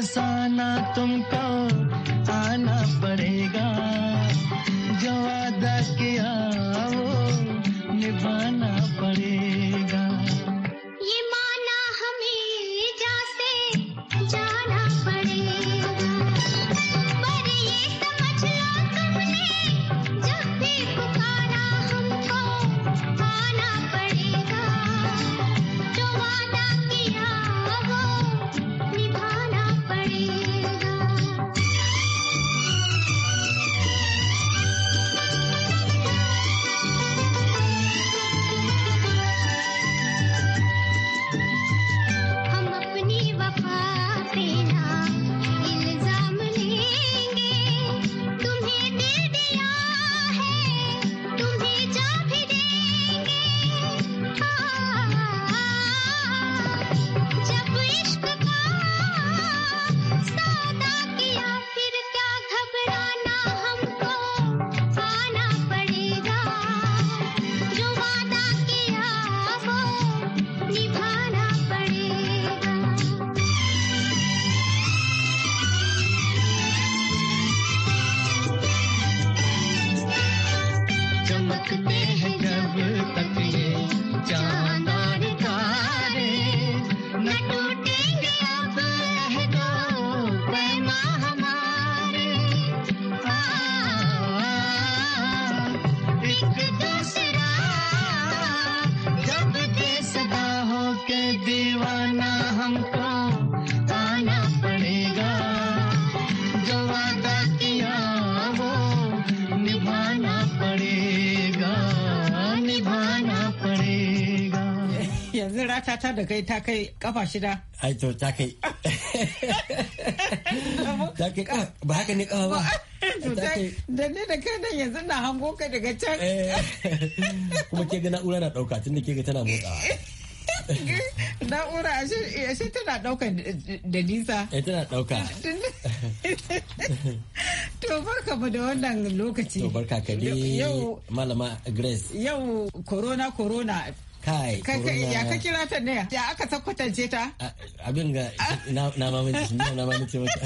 बरसाना तुमको आना पड़ेगा जो वादा किया वो निभाना पड़ेगा yanzu rata ta da kai ta kai kafa shida ai to ta kai ta kai ba haka ne kafa ba da ne da kai nan yanzu na hango ka daga can eh, kuma ke ga na'ura na dauka tun da ke ga tana motsawa na'ura ashe tana daukan da nisa eh tana dauka to barka mu da wannan lokaci to barka ka malama grace yau corona corona kai ya ka kira ta ne ya aka takwatance ta abin ga na mamaci na mamaci mata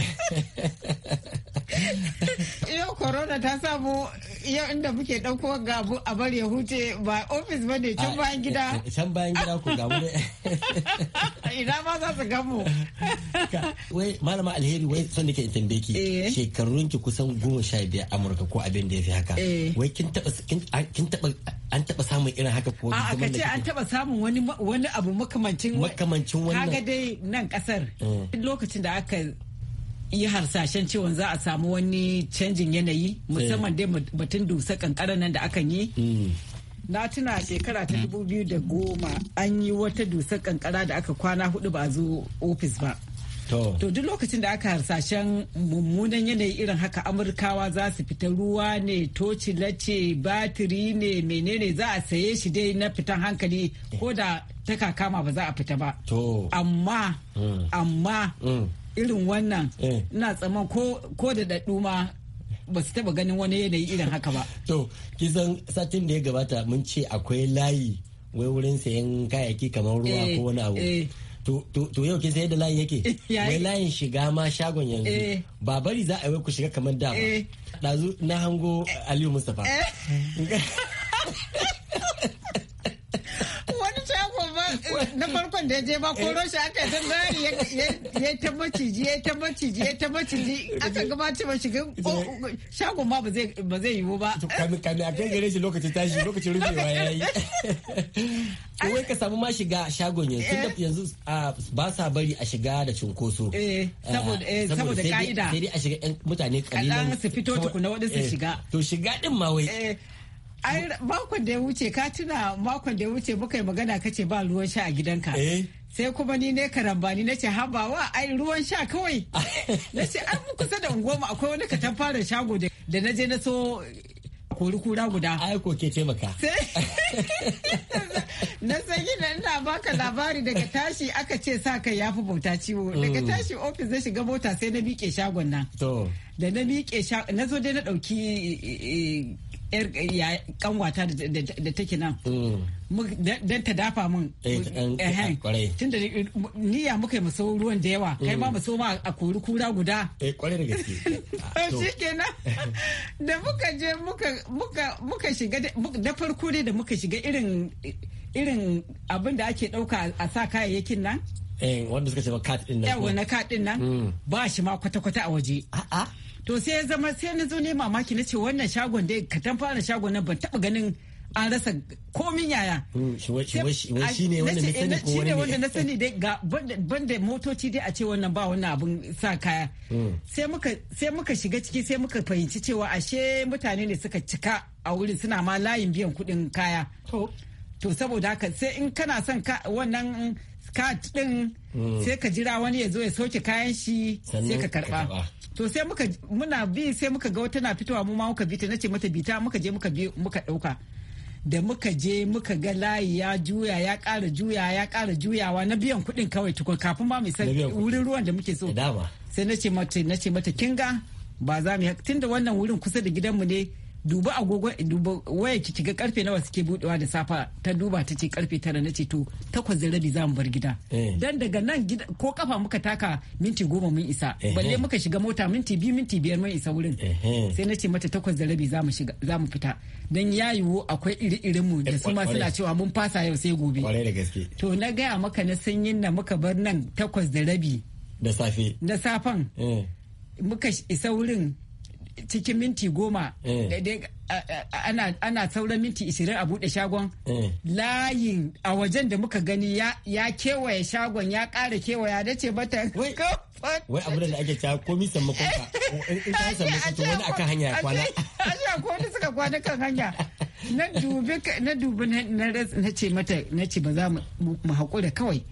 yau corona ta samu yau inda muke ɗauko gabu a bar ya huce ba ofis ba ne can bayan gida eh, can bayan gida ku gabu ne ina ma za su gamu wai malama alheri wai son da ke tambaye ki eh. shekarun ki kusan goma sha biyar amurka ko abin da ya fi haka eh. wai kin taba an taba samun irin haka ko a ka ce an taba samun wani wani abu makamancin makamancin wannan kaga dai nan kasar mm. lokacin da aka yi harsashen cewa za a samu wani canjin yanayi mm. musamman dai batun dusa kankara nan da akan yi mm. na tuna shekara ta dubu biyu da goma an yi wata dusar kankara da aka kwana hudu ba a zo ofis ba to duk lokacin da aka harsashen mummunan yanayi irin haka amurkawa za su fita ruwa ne toci lace batiri ne menene za a saye shi dai na fitan hankali ko da ta kama ba za a fita ba to amma hmm. amma hmm. irin wannan eh. ina tsaman ko da daɗu ma ba su taɓa ganin wani yanayi irin haka ba to kisan satin da ya gabata mun ce akwai layi wai wurin sayan kayayyaki kamar ruwa eh, ko wani abu eh. to yau ke sai da layin yake wai layin shiga ma shagon yanzu eh. ba bari za a yi ku shiga kamar da ba eh. ɗazu na hango aliyu mustapha eh. na farkon da je ba eh. ko Roshi aka zan gari ya ta maciji ya ta maciji ya ta maciji aka gaba ce ba shiga oh, shagon ba zai ba zai yiwu ba Kami-kami a akan gare shi lokacin tashi lokacin rubewa yayi yi. wai ka samu ma shiga shagon yanzu eh. yanzu ba sa bari a shiga da cunkoso eh, ah, saboda ka'ida sai dai a shiga mutane kalilan su fito tukuna wadansu shiga to shiga din ma wai ai makon da ya wuce ka tuna makon da ya wuce muka yi magana ce ba ruwan sha a gidanka eh. sai kuma ni ne karambani na ce haba wa ai ruwan sha kawai na ce an kusa da ungoma akwai wani katan fara shago da na je na so kori kura guda ai ko ke taimaka na san gina ina baka labari daga tashi aka ce sa kai yafi bauta ciwo mm. daga tashi ofis na shiga mota sai na miƙe shagon nan da na miƙe shagon na zo dai na ɗauki eh, eh, yar kanwata da take nan hmm. don ta dafa min tun da niyya muka yi maso ruwan da yawa kai ma maso ma a kori kura guda eh kwarai da gaske ah, shi kenan da muka je muka shiga da farko ne da muka shiga irin irin abin da ake dauka a sa kayayyakin nan eh, wanda suka ce ba kat din nan yawa na kat nan hmm. ba shi ma kwata-kwata a waje to sai ya zama sai na zo ne mamaki na ce wannan shagon dai ka tan fara shagon nan ban taba ganin an rasa komin yaya. Shi ne wanda na sani dai ga banda motoci dai a ce wannan ba wannan abun sa kaya. Hmm. Sai muka shiga ciki sai muka fahimci cewa ashe mutane ne suka cika a wurin suna ma layin biyan kuɗin kaya. To saboda haka sai in kana son wannan kat din mm. sai ka jira wani ya zo ya soke kayan shi sai ka karba to sai muka muna bi sai muka ga wata na fitowa mu ma muka bi ta nace mata bita muka je muka bi muka dauka da muka je muka ga layi ya juya ya ƙara juya ya ƙara juyawa na biyan kuɗin kawai tukun kafin ba mu san wurin ruwan da muke so sai na ce mata nace mata kinga ba za mu tunda wannan wurin kusa da gidanmu ne duba agogo duba waya ki kiga karfe nawa suke budewa da safa ta duba ta ce karfe tara na ce to takwas da rabi za mu bar gida eh. dan daga nan gida ko kafa muka taka minti goma mun isa eh. balle muka shiga mota minti biyu minti biyar mun isa wurin eh. sai na ce mata takwas da rabi za mu shiga za mu fita dan ya yiwu akwai iri-irin mu da su ma suna cewa mun fasa yau sai gobe to na gaya maka na sanyin na muka bar nan takwas da rabi da safe da safan muka isa wurin cikin minti goma eh. ana sauran minti isirin a buɗe shagon eh. layin a wajen da muka gani ya kewaye shagon ya ƙara kewaya da ce bata wai abu da ake cewa komi sammakon ka eh. in ka sammakon wani akan hanya ya kwana a sha ko wani suka kwana kan hanya na dubi na dubi na ce mata na ce ba za mu haƙura kawai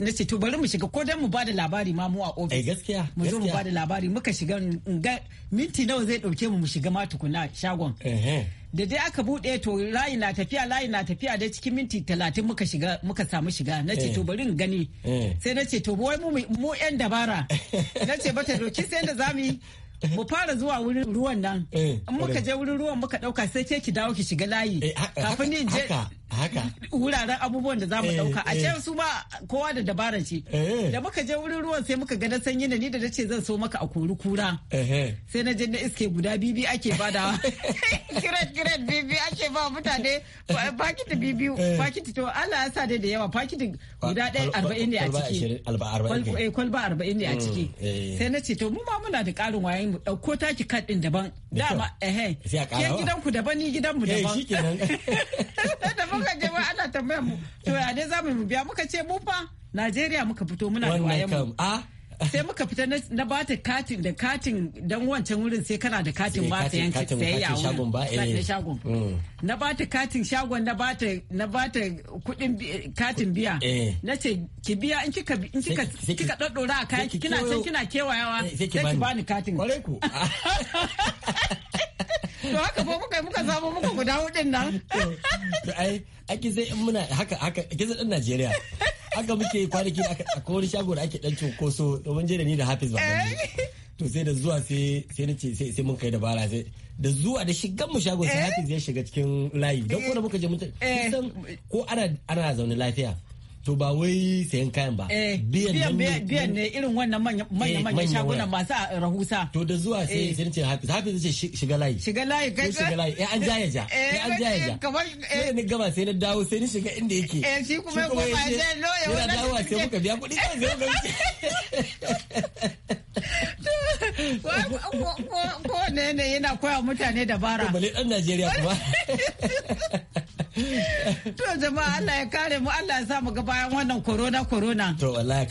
na ce to bari mu shiga ko dan mu bada labari ma mu a ofis eh gaskiya mu zo mu bada labari muka shiga ga minti nawa zai dauke mu mu shiga ma tukuna shagon da dai aka bude to layi na tafiya layi na tafiya da cikin minti talatin muka shiga muka samu shiga na ce eh. to bari in gani eh. sai na ce to wai mu mu yan dabara na ce bata doki sai da zamu mu fara zuwa wurin ruwan nan eh, in muka je wurin ruwan muka dauka sai ke ki dawo ki shiga layi kafin ni je wuraren abubuwan da za mu eh, ɗauka a eh. can su ba kowa da dabara ce eh. da muka je wurin ruwan sai muka ga na sanyi da ni da nace zan so maka a kuri kura sai na je na iske guda bibi ake da. kiret kiret bibi ake ba mutane pakiti bibi pakiti to Allah ya sa dai da yawa pakiti guda ɗaya arba'in ne a ciki kwalba arba'in ne a mm, ciki sai na ce to mu ma muna da ƙarin wayan mu ɗauko taki kad din daban dama ehe ke gidanku daban ni gidanmu daban muka je ba ana tambaya mu to ya dai zamu biya muka ce mu fa Najeriya muka fito muna da wayan mu sai muka fita na ba ta katin da katin don wancan wurin sai kana da katin ba ta yanki ya shagon ba eh shagon mm. na ba ta katin shagon na ba ta na ba ta kudin katin biya eh. na ce ki biya in kika in kika kika daddora a kayan kina can kina kewayawa eh, sai ki bani katin kwarai ku to haka ko muka muka samu muka guda hudun nan to ai ake sai in muna haka haka ake sai dan Najeriya haka muke kwanaki a wani shago da ake dan cunkoso domin jere ni da Hafiz ba eh? to sai da zuwa sai sai na ce sai sai mun kai dabara sai da zuwa da shigan mu shago sai eh? Hafiz ya shiga cikin layi don ko da muka je mun eh. san ko ana ana zaune lafiya to ba wai sayan kayan ba biyan biyan ne irin wannan manya manya shagunan masu rahusa to da zuwa sai sai ce hafi hafiz ce shiga layi shiga layi kai shiga layi eh an ja ja eh an ja ja kamar eh ni gaba sai na dawo sai ni shiga inda yake eh shi kuma ko ba sai no ya wannan dawo sai muka biya kuɗi kan sai muka ko ne ne yana koya mutane dabara ko bale dan Najeriya kuma To jama'a Allah ya kare mu Allah ya sa mu ga bayan wannan corona corona. To wallahi.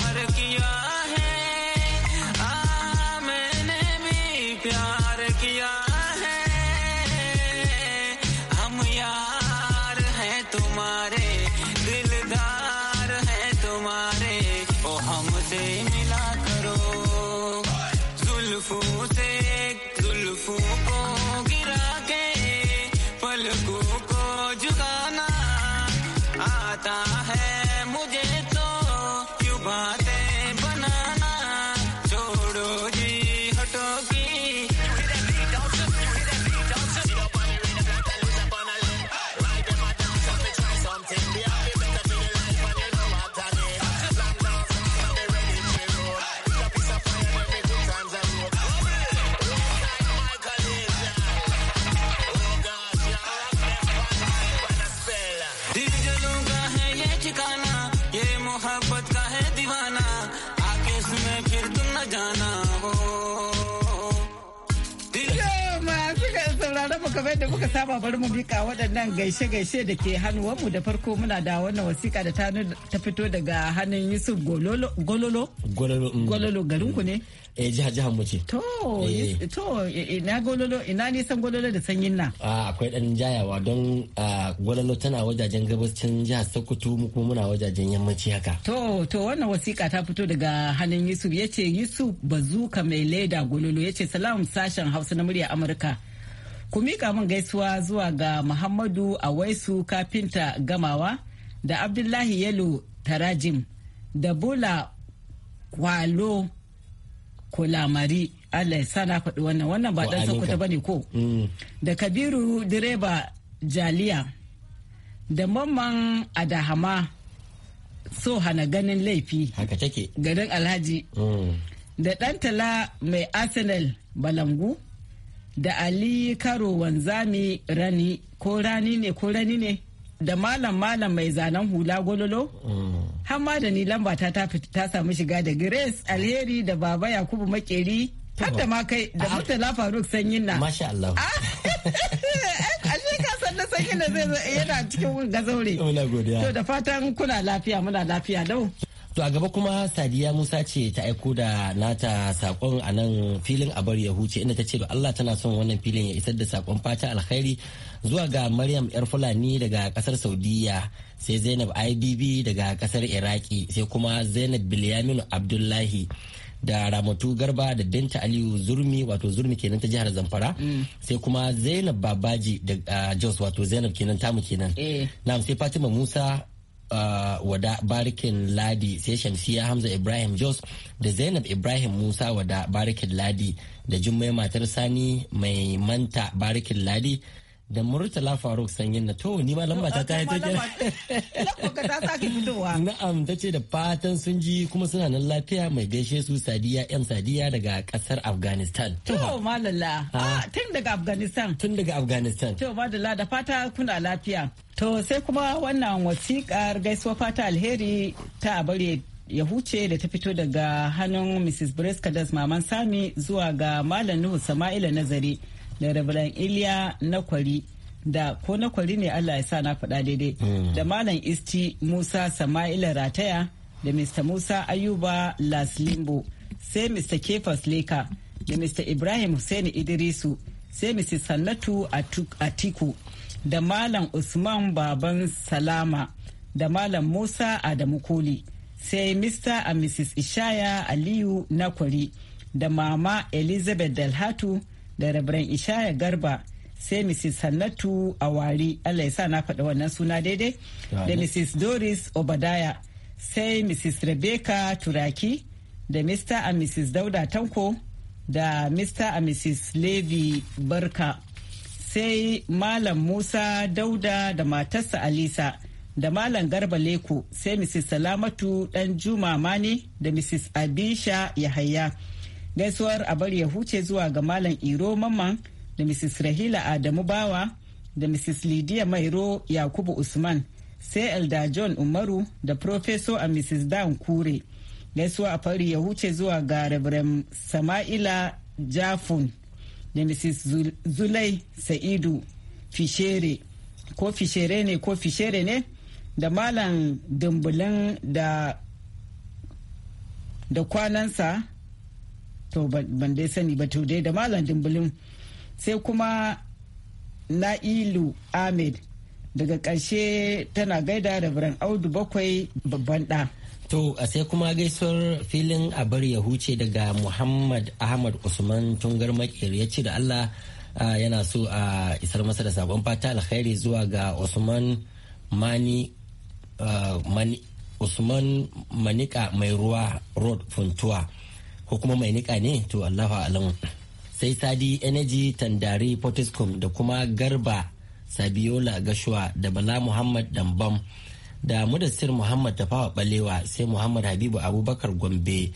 दिलों का है ये ठिकाना kamar da muka saba bari mu bika waɗannan gaishe-gaishe da ke hannuwanmu da farko muna da wannan wasiƙa da ta fito daga hannun Yusuf Gololo Gololo Gololo garinku ne eh jiha jihar mu ce to eh. to ina gololo ina nisan gololo da sanyin na a akwai dan jayawa don gololo tana wajajen gabacin jihar Sokoto mu kuma muna wajajen yammaci haka to to wannan wasiƙa ta fito daga hannun Yusuf yace Yusuf bazuka mai leda gololo yace salam sashen Hausa na murya Amurka ku miƙa min gaisuwa zuwa ga Muhammadu Awaisu kafinta gamawa da Abdullahi Yalo Tarajim da Bola Kwalo ko lamari Allah ya sa na faɗi wannan wannan ba ɗan sokoto bane ko mm. da kabiru direba jaliya da mamman adahama so hana ganin laifi haka take garin alhaji mm. da Ɗantala tala mai arsenal balangu da ali karo wanzami rani ko rani ne ko rani ne da malam malam mai zanen hula gololo har da ni lamba ta ta samu shiga da grace alheri da baba yakubu makeri har da ma da ah. murtala faruk sanyin na masha Allah ah. yana cikin gazaure to da fatan kuna lafiya muna lafiya To a gaba kuma Sadiya Musa ce ta aiko da nata sakon a nan filin abar ya huce inda ta ce da Allah tana son wannan filin ya isar da sakon fata alkhairi zuwa ga maryam yar fulani daga kasar saudiya sai zainab ibb daga kasar iraki sai kuma zainab bilyaminu abdullahi da ramatu garba da binta aliyu zurmi wato zurmi kenan ta jihar zamfara mm. sai kuma zainab babaji da jos wato zainab kenan tamu kenan eh. na sai fatima musa wada barikin ladi sai shamsiya hamza ibrahim jos da zainab ibrahim musa wada barikin ladi da jummai matar sani mai manta barikin ladi da Murtala Faruk sanyin na to ni ma lamba ta kai ta ke. Lamba ta sake fitowa. Na'am ta ce da fatan sun ji kuma suna nan lafiya mai gaishe su Sadiya M Sadiya daga kasar Afghanistan. To malala. Ah, tun daga Afghanistan. Tun daga Afghanistan. To malala da fata kuna lafiya. To sai kuma wannan wasiƙar gaisuwa fata alheri ta bare ya huce da ta fito daga hannun Mrs. Kadas Maman Sami zuwa ga Malam Nuhu Sama'ila Nazari. da Reverend Iliya na kwari da ko na kwari ne Allah ya sa na faɗa daidai mm. da Malam Isti Musa Sama'ila Rataya da Mr. Musa Ayuba Laslimbo sai Mr. Kefas Leka da Mr. Ibrahim Hussein Idrisu sai mr Sannatu Atiku da Malam Usman Baban Salama da Malam Musa Adamu Koli sai Mr. and Mrs. Ishaya Aliyu Nakwari da Mama Elizabeth Dalhatu da rabran ishaya garba sai mrs hannatu awari allah ya sa na faɗa wannan suna daidai da mrs doris obadaya sai mrs rebecca turaki da mr and mrs dauda tanko da mr and mrs levi barka sai malam musa dauda da matarsa alisa da malam garba leko sai mrs salamatu dan juma mani da mrs abisha yahaya gaisuwar a bari ya huce zuwa ga malam iro mamman da mrs rahila adamu bawa da mrs lidiya mairo yakubu usman sai elda john umaru da professor a mrs dan kure gaisuwa a fari ya huce zuwa ga reverend sama'ila jafun da mrs zulai sa'idu fishere ko fishere ne ko fishere ne da malam dumbulin da kwanansa to ban dai sani ba to dai da malam dimbulin sai kuma na'ilu ahmed daga ƙarshe tana gaida da biran audu bakwai babban ɗa to a sai kuma gaisuwar filin a bar ya huce daga muhammad ahmad usman tungar makir ya ce da allah yana so a isar masa da sabon fata alkhairi zuwa ga usman mani usman manika mai ruwa road funtuwa ko kuma mai niƙa ne to allahu alam sai sadi energy tandari potiskum da kuma garba sabiola gashuwa da bala muhammad dambam da mudassir muhammad tafawa balewa sai muhammad habibu abubakar gombe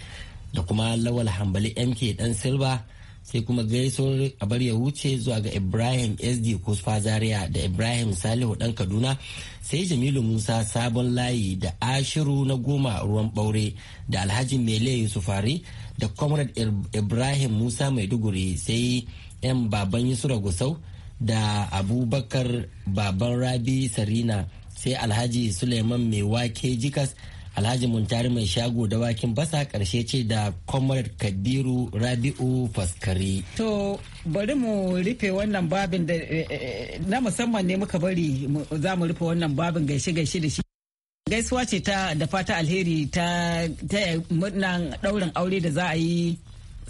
da kuma lawal hambali mk dan Silva. sai kuma gaisuwar a bar ya wuce zuwa ga ibrahim sd kusfa zaria da ibrahim salihu dan kaduna sai jamilu musa sabon layi da ashiru na goma ruwan ɓaure da alhaji mele yusufari da comrade ibrahim musa maiduguri sai yan baban yusura gusau da abubakar baban rabi sarina sai alhaji suleiman mai wake jikas alhaji muntari mai shago da wakin basa karshe ce da comrade kabiru rabi'u faskari to bari mu rufe wannan babin da eh, eh, eh, na musamman ne muka bari za mu rufe wannan babin gaishe gaishe da shi gaisuwa ce ta da fata alheri ta ta murnan daurin aure da za a yi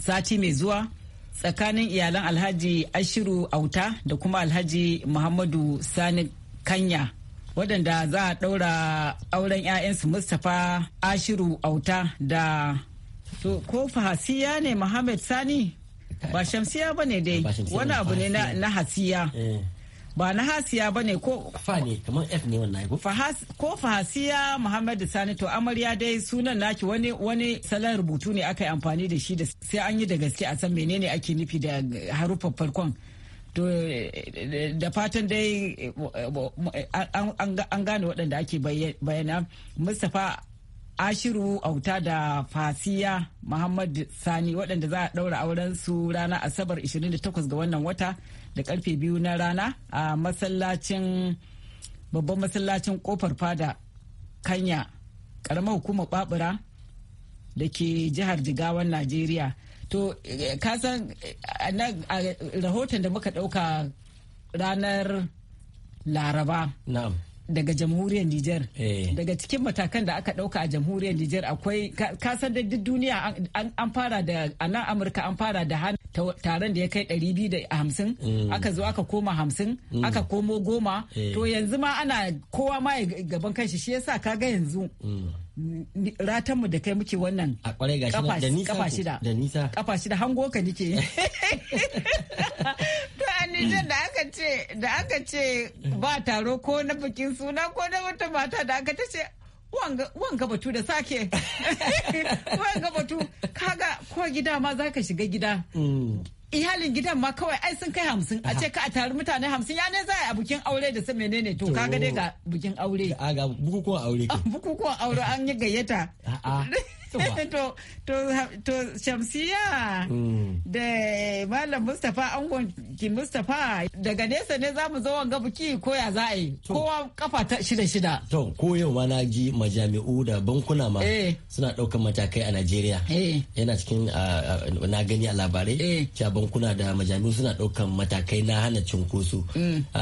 sati mai zuwa tsakanin iyalan alhaji ashiru auta da kuma alhaji muhammadu sani kanya waɗanda za a ɗaura auren 'ya'yansu mustapha ashiru auta da ko fahasiya ne muhammad sani ba shamsiya ba ne dai wani abu ne na hasiya eh. ba na hasiya ba ne ko ko fahasiya muhammad sani to amarya dai sunan naki wani wani salon rubutu ne aka yi amfani da shi da sai an yi da gaske a san menene ake nufi da haruffan farkon to da fatan dai an gane waɗanda ake bayyana mustapha ashiru auta da fasiya muhammad sani waɗanda za a ɗaura auren su rana asabar 28 ga wannan wata da karfe biyu na rana a masallacin babban masallacin kofar fada kanya karamar hukumar babura da ke jihar jigawan najeriya to ka san eh, a rahoton da muka ɗauka ranar laraba daga jamhuriyar Nijar. Eh. Daga cikin matakan da aka ɗauka a jamhuriyar Nijar akwai kasar da duk duniya an fara da a nan Amurka an fara da taron da ya kai 250 mm. aka zo aka koma 50 mm. aka komo goma eh. to yanzu ma ana kowa ma gaban kanshi shi yasa kaga yanzu mm. ratanmu da kai muke wannan a kwarai gashi da da nisa kafa shida hango ka nike ita mm. da aka ce da aka ce ba taro ko na bikin suna ko na wata mata da aka ta ce wanga batu da sake wanga batu kaga ko gida ma za ka shiga gida mm. iyalin gidan ma kawai ai sun kai hamsin a ce ka a tari mutane hamsin ya ne za a bikin aure da su menene to kaga dai ga bikin aure ga bukukuwan aure ah, bukukuwan aure an yi gayyata to to shamsiya mm. da malam mustapha angon ki mustapha daga nesa ne zamu zo wanga biki ko ya za a yi kowa kafa ta shida shida to ko yau ma na ji majami'u da bankuna ma eh. suna daukan matakai a Najeriya eh. yana cikin na gani a labarai eh. cewa bankuna da majami'u suna daukan matakai na hana cunkoso mm.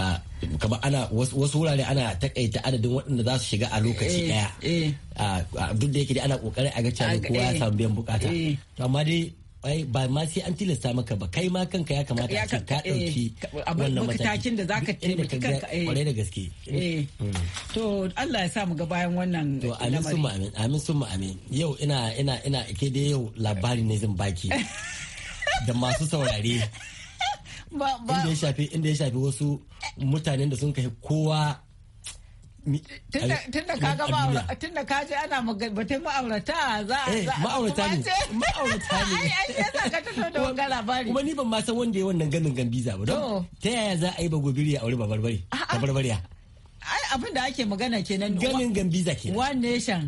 kamar ana wasu wurare ana takaita adadin waɗanda za su shiga a lokaci eh, ɗaya eh. duk da yake dai ana ƙoƙari a ga cewa kowa ya eh. samu biyan bukata to amma dai ai ba ma sai an tilasta maka ba kai ma kanka ya kamata a ka dauki wannan matakin da zaka taimaki kanka kwarai da gaske hmm. to Allah ya sa mu ga bayan wannan to amin summa amin amin summa amin yau ina ina ina ke da yau labarin ne zan baki da masu saurare inda ya shafi inda ya shafi wasu mutanen da sun kai kowa tunda ka ji ana ka je ana batun ma'aurata za a eh, ma'aurata ne ma'aurata ne ai ai sai ka tato da wannan labari kuma ni ban ma san wanda ya wannan ganin Gam-biza ba don ta yaya za a yi ba gobe a aure ba barbare ba barbariya ai abin da ake magana kenan ganin Gam-biza kenan one nation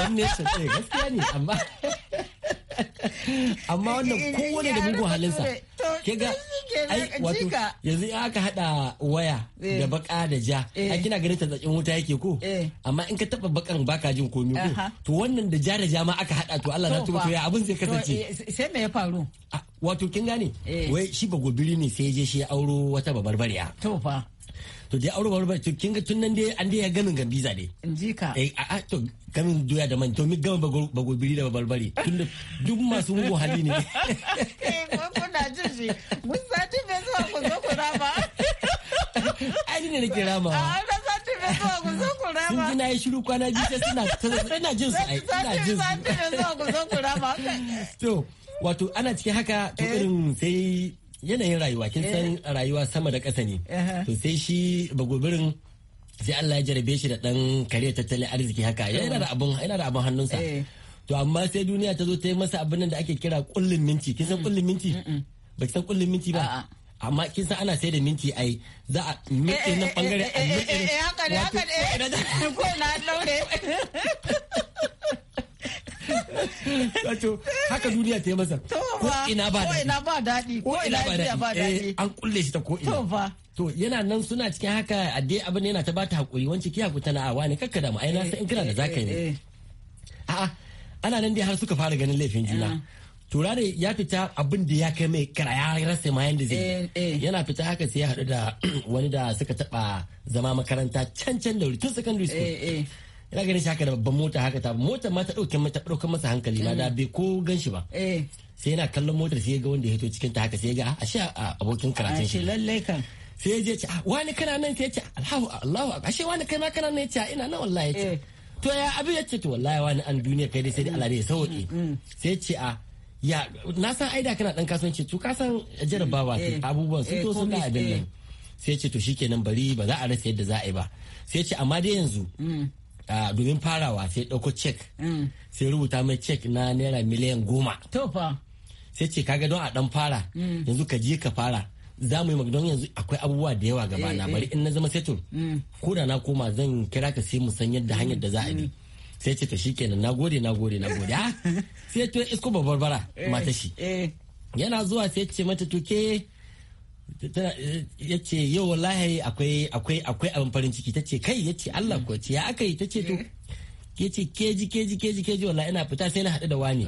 one nation eh gaskiya ne amma amma wanda eh, kowane da mugun halinsa ke ga wato yanzu in aka hada waya eh. da baka da ja a eh. kina ganin tsatsakin wuta yake ko amma in ka taba bakan baka jin komi ko to wannan da ja da ja ma aka hada to Allah na tuba to ya abin zai kasance sai me ya faru wato kin gane wai shi ba gobiri ne sai ya je shi ya auro wata bariya to fa to dai aure aure to kin ga tun dai an dai ya ganin gambiza dai in ji ka eh a to kamin doya da man to mi gama bagobiri da barbari tun duk masu mugu hali ne eh, kuna jin mun sati bai zuwa ku zo ku rama ai ne nake rama a ah, na sati sun ji na yi shiru kwana biyu sai suna suna jin su ai suna jin su to wato ana cikin haka to eh. irin sai yanayin rayuwa kin san eh. rayuwa sama da ƙasa ne to sai shi bagobirin sai Allah ya jarabe shi da dan kare tattalin arziki haka yana eh. da abun yana da abun hannunsa eh. to amma sai duniya ta zo ta yi masa abin da ake kira kullin minti kin san kullin minti ba ki san kullin minti ba amma kin san ana sai da minti ai za a minti na bangare a minti haka ne haka ne ko na daure wato haka duniya ta yi masa ko ina ba daɗi ko ina ba daɗi eh, an kulle shi ta ko ina to yana nan suna cikin haka a dai abin yana ta bata hakuri wance ki hakuta tana a wani kakka da mu ai na san in da zaka ne eh, eh, a ana nan dai har suka fara ganin laifin juna ah. tura turare ya fita abin da ya kai mai kira ya rasa ma yanda zai yana fita haka sai ya haɗu da wani da suka taɓa zama makaranta can can da tun secondary school ina ganin shi haka da babban mota haka ta mota ma ta dauke mata daukar masa hankali ma da mm. bai ko gan shi ba eh. sai yana kallon motar sai ya ga wanda ya hito cikin ta haka sai ya ga a ah, sha ah, abokin karatun shi lallai kan sai ya ce ah, wani kana nan sai ya ce allahu allahu ashe wani kai ma kana nan ya ce ina nan wallahi ya ce eh. to ya abu ya ce to wallahi wani an duniya kai dai sai dai Allah ya sauke mm, mm, sai ce a ya na san aida kana dan kasuwanci to ka san jarabawa eh. abubuwan su to sun da abin nan sai ce to shikenan bari ba za a rasa yadda za a yi ba sai ce amma dai yanzu Ah, domin farawa sai ɗauko cek mm. sai rubuta mai cek na naira miliyan goma sai ce kaga don a ɗan fara mm. yanzu ka je ka fara za mu yi don yanzu akwai abubuwa da yawa gaba na eh, eh. bari in na zama setur mm. ko da na koma zan kira ka sai mu san yadda hanyar da za a bi sai ce to shikenan na gode na gode na gode ah, sai to isko babbar bara eh, mata shi yana zuwa sai ce mata tuke. ya ce yau wallahi akwai akwai akwai abin farin ciki ta ce kai ya ce Allah ko ce ya aka yi ta ce to ya ce keji keji keji keji wallahi ina fita sai na haɗu da wani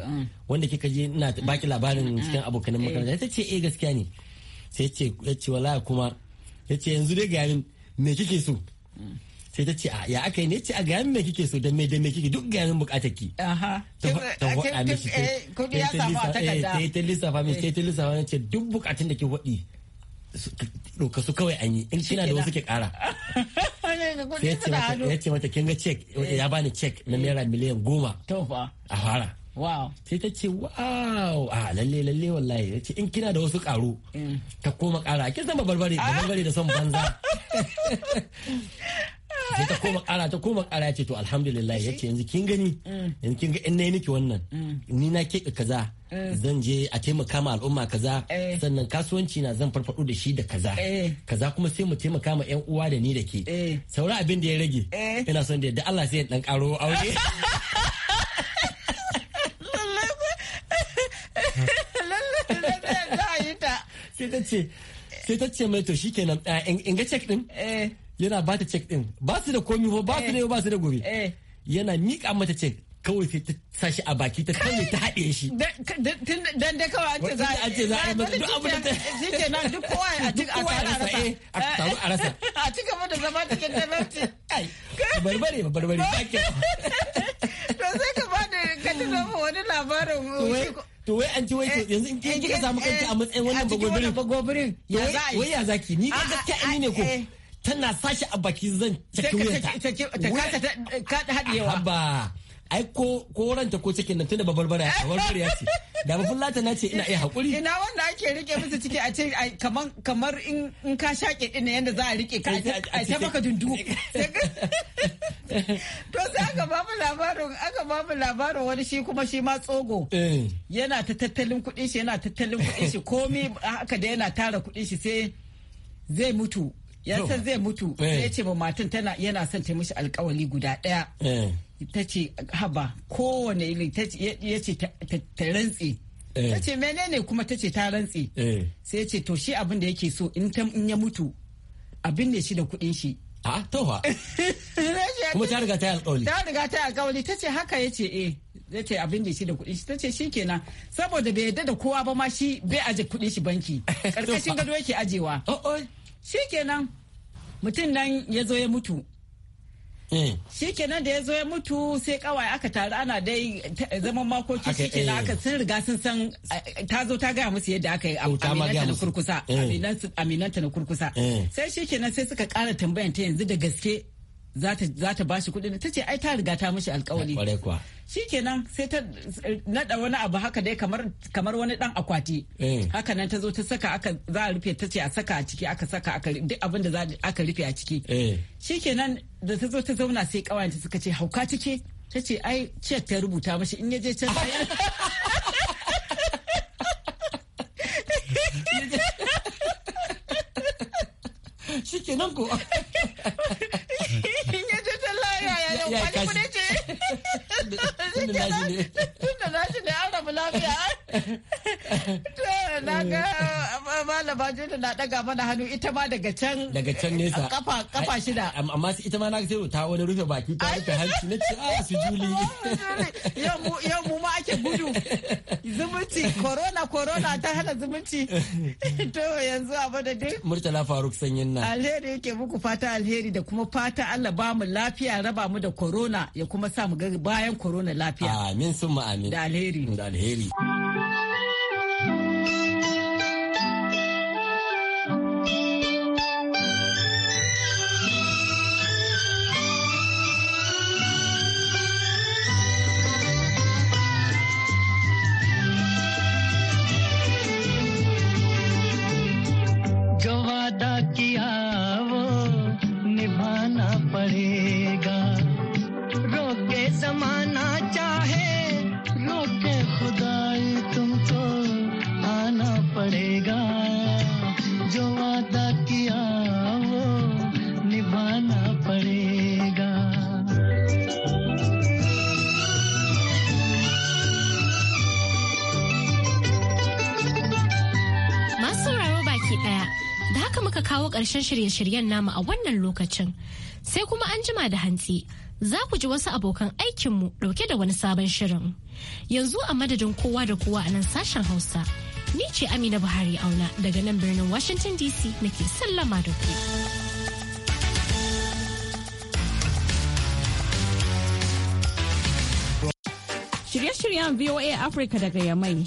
wanda kika je ina baki labarin cikin abokanin makaranta ta ce eh gaskiya ne sai ce ya ce wallahi kuma ya ce yanzu dai garin me kike so sai ta ce ah, ya aka yi ne ce a gayan me kike so dan me dan me kike duk gayan bukatar ki ta faɗa mishi eh, sai eh, ta lissafa miki sai ta lissafa miki duk bukatun da ke waɗi ɗauka su kawai an yi in kina da wasu ke ƙara. ya ce mata kin ga cek eh. ya bani cek na naira miliyan goma. A fara. Sai ta ce wow a lalle lalle wallahi ya ce in kina da wasu karo mm. Ta koma ƙara kin san ba barbare da barbare da son banza. sai ta koma kara ta koma kara ce to alhamdulillah ya ce yanzu kin gani yanzu kin ga in nayi niki wannan ni na keka kaza zan je a taimaka ma al'umma kaza sannan kasuwanci na zan farfado da shi da kaza kaza kuma sai mu taimaka ma yan uwa da ni da ke saura abin da ya rage ina son da yadda Allah sai ya dan karo aure sai ta ce sai ta ce mai to shikenan eh, in ga cek din eh. yana ba ta cek din ba su da komi ba ba su eh. da ba su da gobe yana miƙa mata cek kawai sai ta sashi a baki ta kawai ta haɗe shi. Dan da kawai an ce za a ce za a mata duk abu da ta. Shi ke nan duk kowa a ci a rasa. A taru a rasa. A ci gaba da zama cikin tabarci. Barbare ba barbare ba ke. To sai ka ba da ka tuna wani labarin. to wai an ci wai to eh, yanzu in kin kika samu eh, kanki a matsayin wannan bagobirin ya za wai ya zaki ni ga gaskiya ni ne ko eh. tana sashi a baki zan caki wuyanta ta ka hadiyewa ba ai ko ko ranta ko cikin nan tunda babarbara ya babarbara ya ce da ba fulata na ce ina iya hakuri ina wanda ake rike musu ciki a ce kamar kamar in in ka shaƙe din yanda za a rike ka a ce maka dundu to sai aka ba mu labarin aka ba mu labarin wani shi kuma shi ma tsogo eh. yana ta tattalin kuɗin shi yana tattalin kuɗin shi komai haka da yana tara kuɗin shi sai zai mutu ya san zai mutu eh. ya ce ba matan tana yana son ta mishi alkawali guda daya eh. ta ce haba kowane ilin ya ce ta rantse eh. ta ce menene kuma ta ce ta rantse sai ya ce to shi abin da yake so in ya mutu abin ne shi da kuɗin shi a ah, towa kuma ta riga ta yi alkawali ta riga ta yi alkawali ta ce haka ya ce eh ya ce abin da shi da kudin shi ta ce shi kenan saboda bai yadda da kowa ba ma shi bai aje kuɗin shi banki karkashin gado yake ajewa oh, oh. kenan mutum nan ya zo ya mutu eh. kenan da ya zo ya mutu sai kawai aka taru ana dai zaman makoki kenan eh. aka sun riga sun san eh, ta zo ta gaya musu yadda aka yi oh, aminanta na kurkusa aminanta na kurkusa sai shikenan sai suka kara tambayan ta yanzu da gaske za ta bashi kuɗi ta ce ai ta riga ta mishi alkawali shikenan sai ta eh, nada wani abu haka dai kamar wani dan akwati eh. haka nan ta zo ta saka aka za a rufe ta ce a saka a ciki aka saka duk abin da aka rufe a ciki eh. shikenan da ta zo ta zauna sai kawayenta suka ce hauka ciki ta ce ai cek ta rubuta mashi in ya je can shikenan ko ya kashi tunda nashi ne tunda nashi ne an rabu lafiya na ga malama Jona na daga mana hannu ita ma daga can. Daga can nesa. Kafa kafa shida. Amma ita ma na ce ta wani rufe baki ta rufe hanci na ce a ah, su juli. Yau mu ma ake gudu. Zumunci corona corona ta hana zumunci. To yanzu a dai Murtala Faruk sanyin na. Alheri yake muku fata alheri da kuma fata Allah ba mu lafiya raba mu da corona ya kuma sa mu ga bayan corona lafiya. Amin sun amin. Da alheri. Da alheri. गवा karshen shirye-shiryen namu a wannan lokacin. Sai kuma an jima da hantsi. Za ku ji wasu abokan aikinmu dauke da wani sabon shirin. Yanzu a madadin kowa da kowa a nan sashen Hausa. Ni ce Amina Buhari Auna daga nan birnin Washington DC nake sallama da ku. Shirye-shiryen VOA Africa daga Yamai